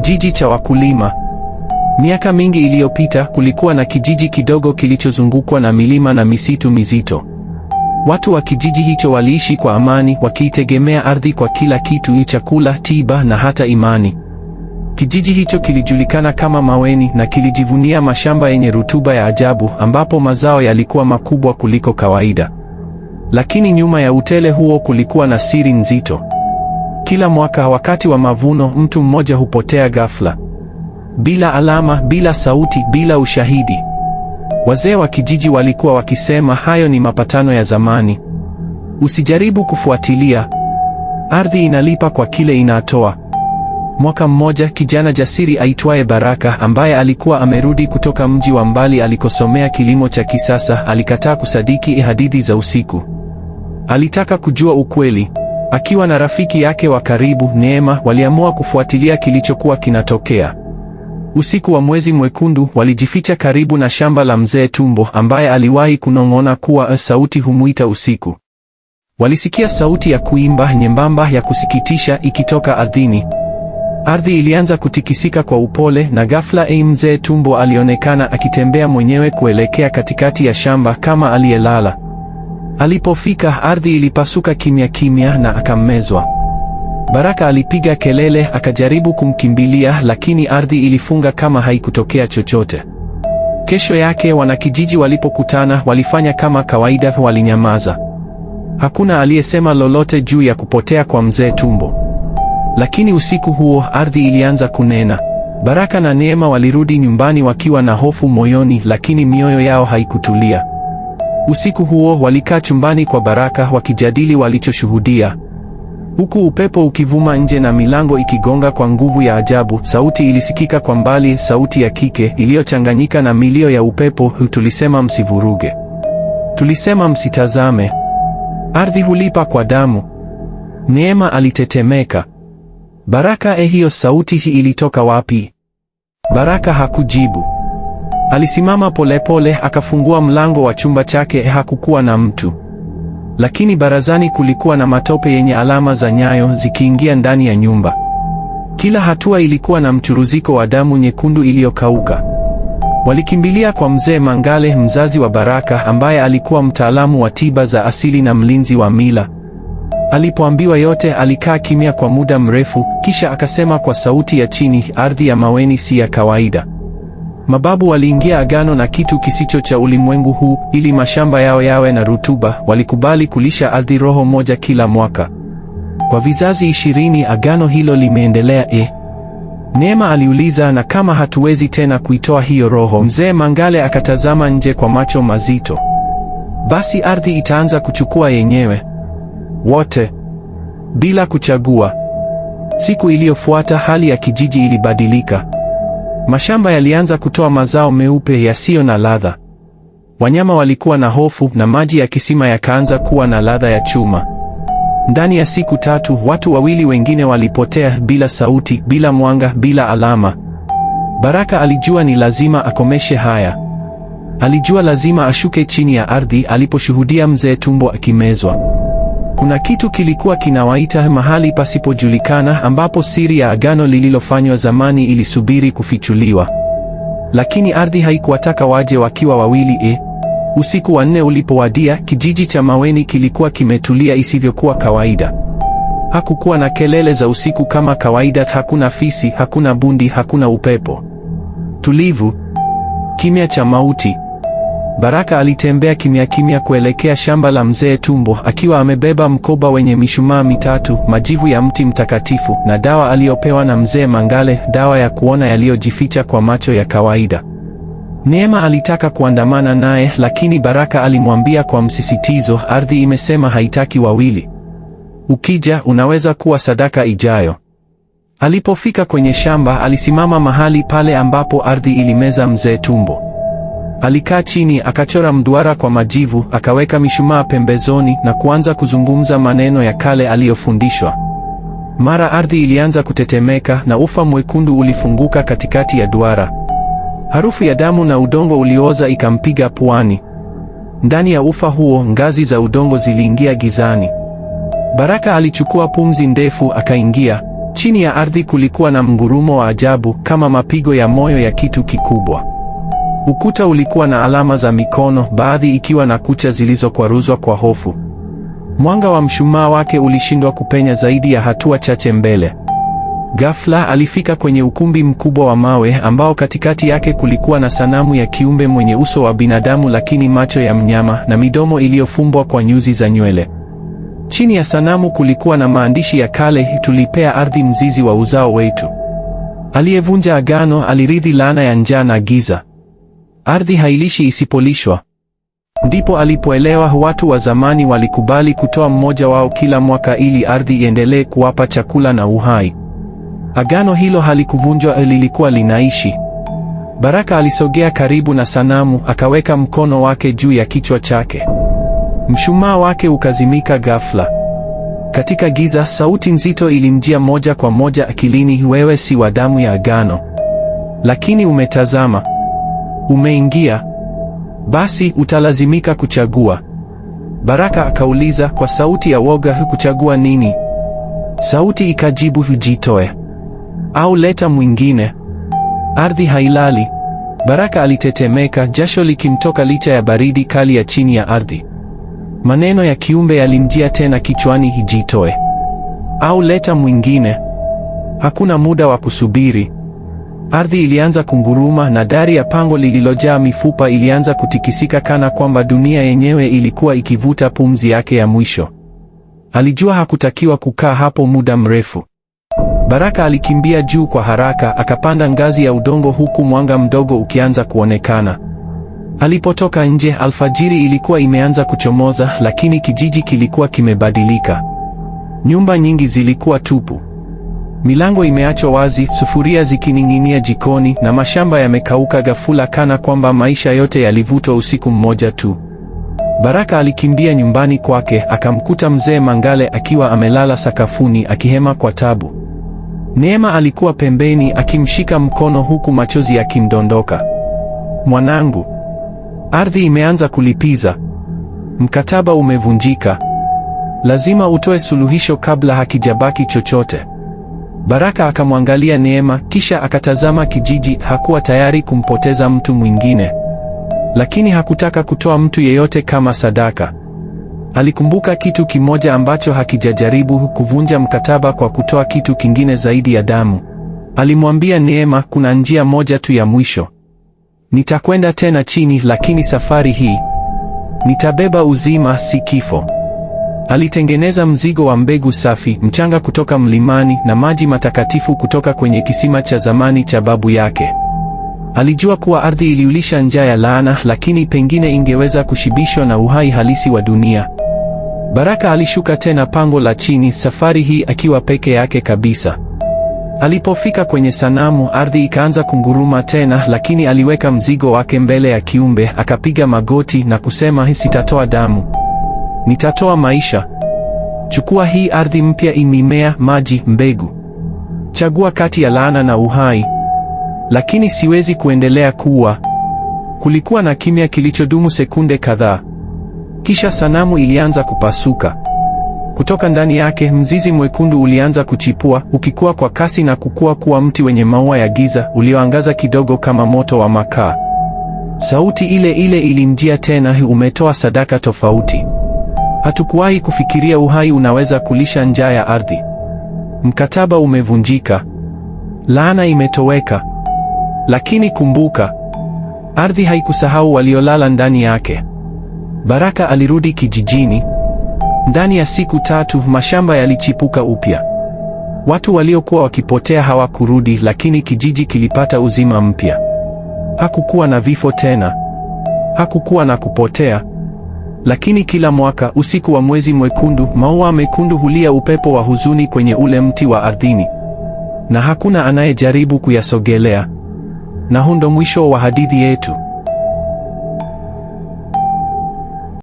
kijiji cha wakulima. Miaka mingi iliyopita kulikuwa na kijiji kidogo kilichozungukwa na milima na misitu mizito. Watu wa kijiji hicho waliishi kwa amani, wakiitegemea ardhi kwa kila kitu: chakula, tiba na hata imani. Kijiji hicho kilijulikana kama Maweni na kilijivunia mashamba yenye rutuba ya ajabu, ambapo mazao yalikuwa makubwa kuliko kawaida. Lakini nyuma ya utele huo kulikuwa na siri nzito. Kila mwaka wakati wa mavuno, mtu mmoja hupotea ghafla, bila alama, bila sauti, bila ushahidi. Wazee wa kijiji walikuwa wakisema hayo ni mapatano ya zamani, usijaribu kufuatilia, ardhi inalipa kwa kile inatoa. Mwaka mmoja kijana jasiri aitwaye Baraka ambaye alikuwa amerudi kutoka mji wa mbali alikosomea kilimo cha kisasa, alikataa kusadiki hadithi za usiku. Alitaka kujua ukweli. Akiwa na rafiki yake wa karibu Neema, waliamua kufuatilia kilichokuwa kinatokea. Usiku wa mwezi mwekundu, walijificha karibu na shamba la mzee Tumbo ambaye aliwahi kunong'ona kuwa eh, sauti humwita usiku. Walisikia sauti ya kuimba nyembamba ya kusikitisha ikitoka ardhini. Ardhi ilianza kutikisika kwa upole na ghafla ei, eh, mzee Tumbo alionekana akitembea mwenyewe kuelekea katikati ya shamba kama aliyelala. Alipofika, ardhi ilipasuka kimya kimya na akammezwa. Baraka alipiga kelele, akajaribu kumkimbilia, lakini ardhi ilifunga kama haikutokea chochote. Kesho yake wanakijiji walipokutana, walifanya kama kawaida, walinyamaza. Hakuna aliyesema lolote juu ya kupotea kwa mzee Tumbo. Lakini usiku huo ardhi ilianza kunena. Baraka na Neema walirudi nyumbani wakiwa na hofu moyoni, lakini mioyo yao haikutulia. Usiku huo walikaa chumbani kwa Baraka wakijadili walichoshuhudia. Huku upepo ukivuma nje na milango ikigonga kwa nguvu ya ajabu, sauti ilisikika kwa mbali, sauti ya kike iliyochanganyika na milio ya upepo. Tulisema msivuruge, tulisema msitazame, ardhi hulipa kwa damu. Neema alitetemeka. Baraka, eh, hiyo sauti ilitoka wapi? Baraka hakujibu. Alisimama polepole pole, akafungua mlango wa chumba chake. Hakukuwa na mtu, lakini barazani kulikuwa na matope yenye alama za nyayo zikiingia ndani ya nyumba. Kila hatua ilikuwa na mchuruziko wa damu nyekundu iliyokauka. Walikimbilia kwa mzee Mangale, mzazi wa Baraka, ambaye alikuwa mtaalamu wa tiba za asili na mlinzi wa mila. Alipoambiwa yote, alikaa kimya kwa muda mrefu, kisha akasema kwa sauti ya chini, ardhi ya Maweni si ya kawaida. Mababu waliingia agano na kitu kisicho cha ulimwengu huu, ili mashamba yao yawe na rutuba. Walikubali kulisha ardhi roho moja kila mwaka kwa vizazi ishirini. Agano hilo limeendelea. E, Neema aliuliza, na kama hatuwezi tena kuitoa hiyo roho? Mzee Mangale akatazama nje kwa macho mazito. Basi ardhi itaanza kuchukua yenyewe, wote bila kuchagua. Siku iliyofuata hali ya kijiji ilibadilika. Mashamba yalianza kutoa mazao meupe yasiyo na ladha. Wanyama walikuwa na hofu na maji ya kisima yakaanza kuwa na ladha ya chuma. Ndani ya siku tatu, watu wawili wengine walipotea bila sauti, bila mwanga, bila alama. Baraka alijua ni lazima akomeshe haya. Alijua lazima ashuke chini ya ardhi aliposhuhudia mzee tumbo akimezwa. Kuna kitu kilikuwa kinawaita mahali pasipojulikana ambapo siri ya agano lililofanywa zamani ilisubiri kufichuliwa. Lakini ardhi haikuwataka waje wakiwa wawili e. Usiku wa nne ulipowadia, kijiji cha Maweni kilikuwa kimetulia isivyokuwa kawaida. Hakukuwa na kelele za usiku kama kawaida, hakuna fisi, hakuna bundi, hakuna upepo. Tulivu, kimya cha mauti. Baraka alitembea kimya kimya kuelekea shamba la mzee Tumbo akiwa amebeba mkoba wenye mishumaa mitatu, majivu ya mti mtakatifu na dawa aliyopewa na mzee Mangale, dawa ya kuona yaliyojificha kwa macho ya kawaida. Neema alitaka kuandamana naye, lakini Baraka alimwambia kwa msisitizo, ardhi imesema haitaki wawili. Ukija unaweza kuwa sadaka ijayo. Alipofika kwenye shamba, alisimama mahali pale ambapo ardhi ilimeza mzee Tumbo. Alikaa chini akachora mduara kwa majivu, akaweka mishumaa pembezoni na kuanza kuzungumza maneno ya kale aliyofundishwa. Mara ardhi ilianza kutetemeka na ufa mwekundu ulifunguka katikati ya duara. Harufu ya damu na udongo uliooza ikampiga puani. Ndani ya ufa huo, ngazi za udongo ziliingia gizani. Baraka alichukua pumzi ndefu, akaingia chini ya ardhi. Kulikuwa na mgurumo wa ajabu, kama mapigo ya moyo ya kitu kikubwa. Ukuta ulikuwa na alama za mikono, baadhi ikiwa na kucha zilizokwaruzwa kwa hofu. Mwanga wa mshumaa wake ulishindwa kupenya zaidi ya hatua chache mbele. Ghafla alifika kwenye ukumbi mkubwa wa mawe ambao katikati yake kulikuwa na sanamu ya kiumbe mwenye uso wa binadamu lakini macho ya mnyama na midomo iliyofumbwa kwa nyuzi za nywele. Chini ya sanamu kulikuwa na maandishi ya kale, tulipea ardhi mzizi wa uzao wetu. Aliyevunja agano alirithi laana ya njaa na giza ardhi hailishi isipolishwa. Ndipo alipoelewa watu wa zamani walikubali kutoa mmoja wao kila mwaka ili ardhi iendelee kuwapa chakula na uhai. Agano hilo halikuvunjwa, lilikuwa linaishi. Baraka alisogea karibu na sanamu, akaweka mkono wake juu ya kichwa chake. Mshumaa wake ukazimika ghafla. Katika giza, sauti nzito ilimjia moja kwa moja akilini, wewe si wa damu ya agano, lakini umetazama Umeingia? Basi utalazimika kuchagua. Baraka akauliza kwa sauti ya woga, kuchagua nini? Sauti ikajibu, hujitoe au leta mwingine. Ardhi hailali. Baraka alitetemeka, jasho likimtoka licha ya baridi kali ya chini ya ardhi. Maneno ya kiumbe yalimjia tena kichwani, hijitoe au leta mwingine. Hakuna muda wa kusubiri. Ardhi ilianza kunguruma na dari ya pango lililojaa mifupa ilianza kutikisika kana kwamba dunia yenyewe ilikuwa ikivuta pumzi yake ya mwisho. Alijua hakutakiwa kukaa hapo muda mrefu. Baraka alikimbia juu kwa haraka, akapanda ngazi ya udongo huku mwanga mdogo ukianza kuonekana. Alipotoka nje, alfajiri ilikuwa imeanza kuchomoza, lakini kijiji kilikuwa kimebadilika. Nyumba nyingi zilikuwa tupu. Milango imeachwa wazi, sufuria zikining'inia jikoni, na mashamba yamekauka ghafula, kana kwamba maisha yote yalivutwa usiku mmoja tu. Baraka alikimbia nyumbani kwake, akamkuta mzee Mangale akiwa amelala sakafuni akihema kwa tabu. Neema alikuwa pembeni akimshika mkono huku machozi yakimdondoka. Mwanangu, ardhi imeanza kulipiza, mkataba umevunjika, lazima utoe suluhisho kabla hakijabaki chochote. Baraka akamwangalia Neema kisha akatazama kijiji. Hakuwa tayari kumpoteza mtu mwingine, lakini hakutaka kutoa mtu yeyote kama sadaka. Alikumbuka kitu kimoja ambacho hakijajaribu kuvunja mkataba kwa kutoa kitu kingine zaidi ya damu. Alimwambia Neema, kuna njia moja tu ya mwisho. Nitakwenda tena chini, lakini safari hii nitabeba uzima, si kifo. Alitengeneza mzigo wa mbegu safi, mchanga kutoka mlimani na maji matakatifu kutoka kwenye kisima cha zamani cha babu yake. Alijua kuwa ardhi iliulisha njaa ya laana, lakini pengine ingeweza kushibishwa na uhai halisi wa dunia. Baraka alishuka tena pango la chini, safari hii akiwa peke yake kabisa. Alipofika kwenye sanamu, ardhi ikaanza kunguruma tena, lakini aliweka mzigo wake mbele ya kiumbe, akapiga magoti na kusema, sitatoa damu nitatoa maisha. Chukua hii ardhi mpya, imimea maji, mbegu. Chagua kati ya laana na uhai. Lakini siwezi kuendelea kuwa. Kulikuwa na kimya kilichodumu sekunde kadhaa, kisha sanamu ilianza kupasuka. Kutoka ndani yake mzizi mwekundu ulianza kuchipua, ukikua kwa kasi na kukua kuwa mti wenye maua ya giza ulioangaza kidogo kama moto wa makaa. Sauti ile ile ilimjia tena, umetoa sadaka tofauti. Hatukuwahi kufikiria uhai unaweza kulisha njaa ya ardhi. Mkataba umevunjika, laana imetoweka, lakini kumbuka, ardhi haikusahau waliolala ndani yake. Baraka alirudi kijijini. Ndani ya siku tatu mashamba yalichipuka upya. Watu waliokuwa wakipotea hawakurudi, lakini kijiji kilipata uzima mpya. Hakukuwa na vifo tena, hakukuwa na kupotea. Lakini kila mwaka usiku wa mwezi mwekundu, maua mekundu hulia upepo wa huzuni kwenye ule mti wa ardhini, na hakuna anayejaribu kuyasogelea. Na huu ndo mwisho wa hadithi yetu.